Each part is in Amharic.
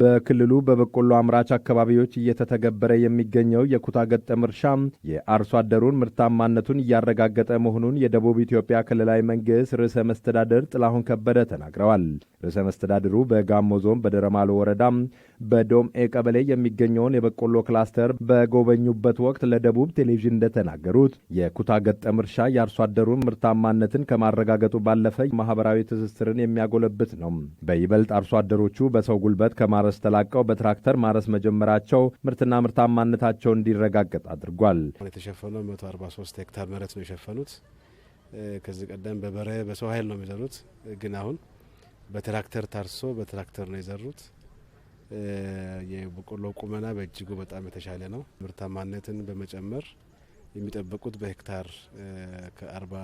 በክልሉ በበቆሎ አምራች አካባቢዎች እየተተገበረ የሚገኘው የኩታ ገጠም እርሻ የአርሶ አደሩን ምርታማነቱን እያረጋገጠ መሆኑን የደቡብ ኢትዮጵያ ክልላዊ መንግስት ርዕሰ መስተዳደር ጥላሁን ከበደ ተናግረዋል። ርዕሰ መስተዳድሩ በጋሞ ዞን በደረማሎ ወረዳ በዶምኤ ቀበሌ የሚገኘውን የበቆሎ ክላስተር በጎበኙበት ወቅት ለደቡብ ቴሌቪዥን እንደተናገሩት የኩታ ገጠም እርሻ የአርሶ አደሩን ምርታማነትን ከማረጋገጡ ባለፈ ማህበራዊ ትስስርን የሚያጎለብት ነው። በይበልጥ አርሶ አደሮቹ በሰው ጉልበት ከማ ከማረስ ተላቀው በትራክተር ማረስ መጀመራቸው ምርትና ምርታማነታቸው እንዲረጋገጥ አድርጓል። የተሸፈነው 143 ሄክታር መሬት ነው የሸፈኑት። ከዚህ ቀደም በበሬ በሰው ኃይል ነው የሚዘሩት፣ ግን አሁን በትራክተር ታርሶ በትራክተር ነው የዘሩት። የበቆሎ ቁመና በእጅጉ በጣም የተሻለ ነው። ምርታማነትን በመጨመር የሚጠብቁት በሄክታር ከአርባ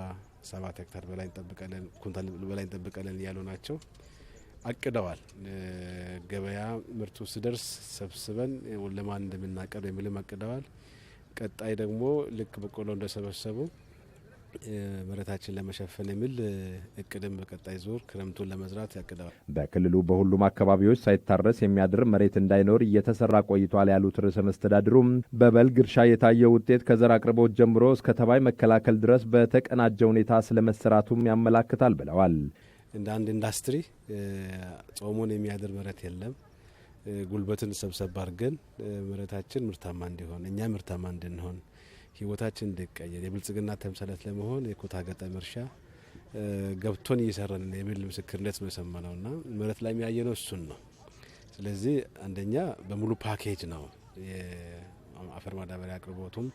ሰባት ሄክታር በላይ እንጠብቃለን ኩንታል በላይ እንጠብቃለን እያሉ ናቸው አቅደዋል። ገበያ ምርቱ ሲደርስ ሰብስበን ለማን እንደምናቀርብ የሚልም አቅደዋል። ቀጣይ ደግሞ ልክ በቆሎ እንደሰበሰቡ መሬታችን ለመሸፈን የሚል እቅድም በቀጣይ ዙር ክረምቱን ለመዝራት ያቅደዋል። በክልሉ በሁሉም አካባቢዎች ሳይታረስ የሚያድር መሬት እንዳይኖር እየተሰራ ቆይቷል ያሉት ርዕሰ መስተዳድሩም በበልግ እርሻ የታየው ውጤት ከዘር አቅርቦት ጀምሮ እስከ ተባይ መከላከል ድረስ በተቀናጀ ሁኔታ ስለመሰራቱም ያመላክታል ብለዋል። እንደ አንድ ኢንዱስትሪ ጾሙን የሚያድር ምረት የለም። ጉልበትን ሰብሰብ አድርገን ምረታችን ምርታማ እንዲሆን እኛ ምርታማ እንድንሆን ህይወታችን እንዲቀየር የብልጽግና ተምሳሌት ለመሆን የኩታ ገጠም እርሻ ገብቶን እየሰራን የሚል ምስክርነት ነው እና ምረት ላይ ነው እሱን ነው። ስለዚህ አንደኛ በሙሉ ፓኬጅ ነው የአፈር ማዳበሪያ አቅርቦቱም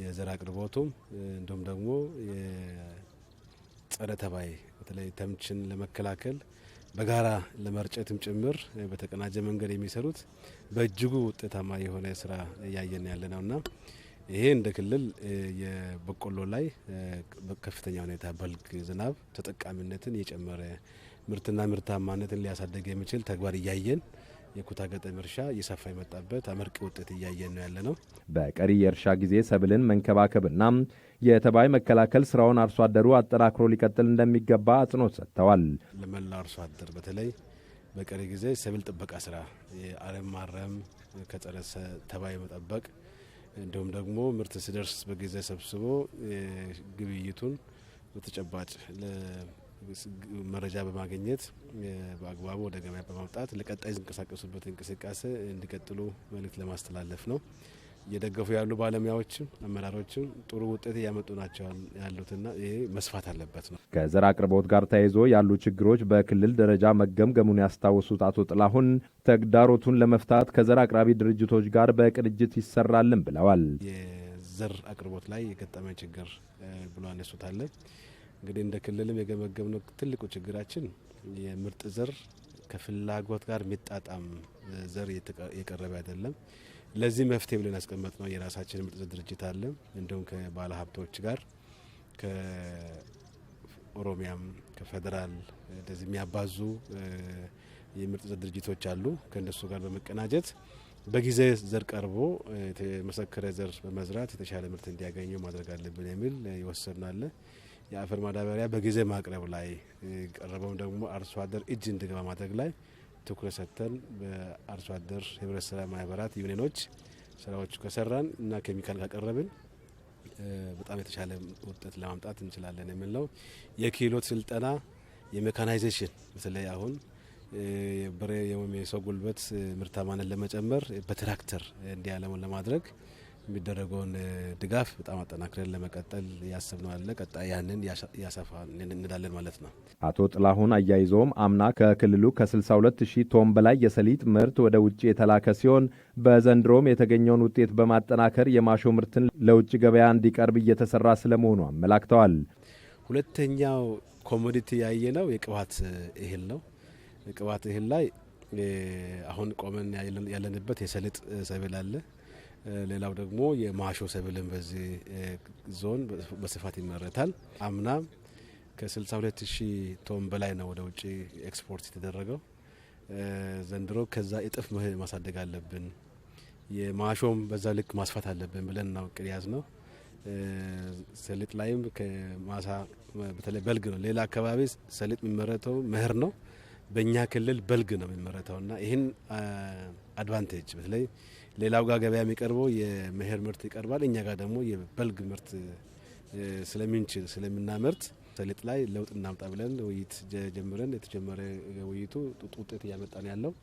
የዘር አቅርቦቱም እንዲሁም ደግሞ ጸረ ተባይ በተለይ ተምችን ለመከላከል በጋራ ለመርጨትም ጭምር በተቀናጀ መንገድ የሚሰሩት በእጅጉ ውጤታማ የሆነ ስራ እያየን ያለ ነውና ይሄ እንደ ክልል የበቆሎ ላይ በከፍተኛ ሁኔታ በልግ ዝናብ ተጠቃሚነትን የጨመረ ምርትና ምርታማነትን ሊያሳደግ የሚችል ተግባር እያየን የኩታ ገጠም እርሻ እየሰፋ የመጣበት አመርቂ ውጤት እያየን ነው ያለ ነው። በቀሪ የእርሻ ጊዜ ሰብልን መንከባከብና የተባይ መከላከል ስራውን አርሶ አደሩ አጠናክሮ ሊቀጥል እንደሚገባ አጽንኦት ሰጥተዋል። ለመላ አርሶ አደር በተለይ በቀሪ ጊዜ ሰብል ጥበቃ ስራ የአረም ማረም ከጸረ ተባይ መጠበቅ እንዲሁም ደግሞ ምርት ሲደርስ በጊዜ ሰብስቦ ግብይቱን በተጨባጭ መረጃ በማግኘት በአግባቡ ወደ ገበያ በማውጣት ለቀጣይ ዝንቀሳቀሱበት እንቅስቃሴ እንዲቀጥሉ መልእክት ለማስተላለፍ ነው። እየደገፉ ያሉ ባለሙያዎችም አመራሮችም ጥሩ ውጤት እያመጡ ናቸው ያሉትና ይሄ መስፋት አለበት ነው። ከዘር አቅርቦት ጋር ተያይዞ ያሉ ችግሮች በክልል ደረጃ መገምገሙን ያስታወሱት አቶ ጥላሁን ተግዳሮቱን ለመፍታት ከዘር አቅራቢ ድርጅቶች ጋር በቅንጅት ይሰራልን ብለዋል። የዘር አቅርቦት ላይ የገጠመ ችግር ብሎ አነሱታለን። እንግዲህ እንደ ክልልም የገመገብነው ትልቁ ችግራችን የምርጥ ዘር ከፍላጎት ጋር የሚጣጣም ዘር የቀረበ አይደለም። ለዚህ መፍትሄ ብለን ያስቀመጥ ነው የራሳችን ምርጥ ዘር ድርጅት አለ። እንዲሁም ከባለ ሀብቶች ጋር ከኦሮሚያም ከፌዴራል እንደዚህ የሚያባዙ የምርጥ ዘር ድርጅቶች አሉ። ከእነሱ ጋር በመቀናጀት በጊዜ ዘር ቀርቦ የተመሰከረ ዘር በመዝራት የተሻለ ምርት እንዲያገኘው ማድረግ አለብን የሚል ይወሰናል። የአፈር ማዳበሪያ በጊዜ ማቅረብ ላይ ቀረበውም ደግሞ አርሶ አደር እጅ እንዲገባ ማድረግ ላይ ትኩረት ሰጥተን በአርሶ አደር ህብረት ስራ ማህበራት ዩኒኖች ስራዎቹ ከሰራን እና ኬሚካል ካቀረብን በጣም የተሻለ ውጤት ለማምጣት እንችላለን የሚል ነው። የክህሎት ስልጠና፣ የሜካናይዜሽን በተለይ አሁን የሰው ጉልበት ምርታማነት ለመጨመር በትራክተር እንዲያለሙን ለማድረግ የሚደረገውን ድጋፍ በጣም አጠናክረን ለመቀጠል ያሰብነው ያለ ቀጣይ ያንን ያሰፋ እንዳለን ማለት ነው። አቶ ጥላሁን አያይዘውም አምና ከክልሉ ከ62 ሺህ ቶን በላይ የሰሊጥ ምርት ወደ ውጭ የተላከ ሲሆን በዘንድሮም የተገኘውን ውጤት በማጠናከር የማሾ ምርትን ለውጭ ገበያ እንዲቀርብ እየተሰራ ስለመሆኑ አመላክተዋል። ሁለተኛው ኮሞዲቲ ያየ ነው የቅባት እህል ነው። ቅባት እህል ላይ አሁን ቆመን ያለንበት የሰሊጥ ሰብል አለ ሌላው ደግሞ የማሾ ሰብልን በዚህ ዞን በስፋት ይመረታል። አምና ከ62 ሺህ ቶን በላይ ነው ወደ ውጭ ኤክስፖርት የተደረገው። ዘንድሮ ከዛ እጥፍ ማሳደግ አለብን፣ የማሾም በዛ ልክ ማስፋት አለብን ብለን ነው እቅድ ያዝ ነው። ሰሊጥ ላይም ከማሳ በተለይ በልግ ነው። ሌላ አካባቢ ሰሊጥ የሚመረተው ምህር ነው፣ በእኛ ክልል በልግ ነው የሚመረተውና ይህን አድቫንቴጅ በተለይ ሌላው ጋር ገበያ የሚቀርበው የመኸር ምርት ይቀርባል። እኛ ጋር ደግሞ የበልግ ምርት ስለምንችል ስለምናመርት ሰሊጥ ላይ ለውጥ እናምጣ ብለን ውይይት ጀምረን የተጀመረ ውይይቱ ውጤት እያመጣ ነው ያለው።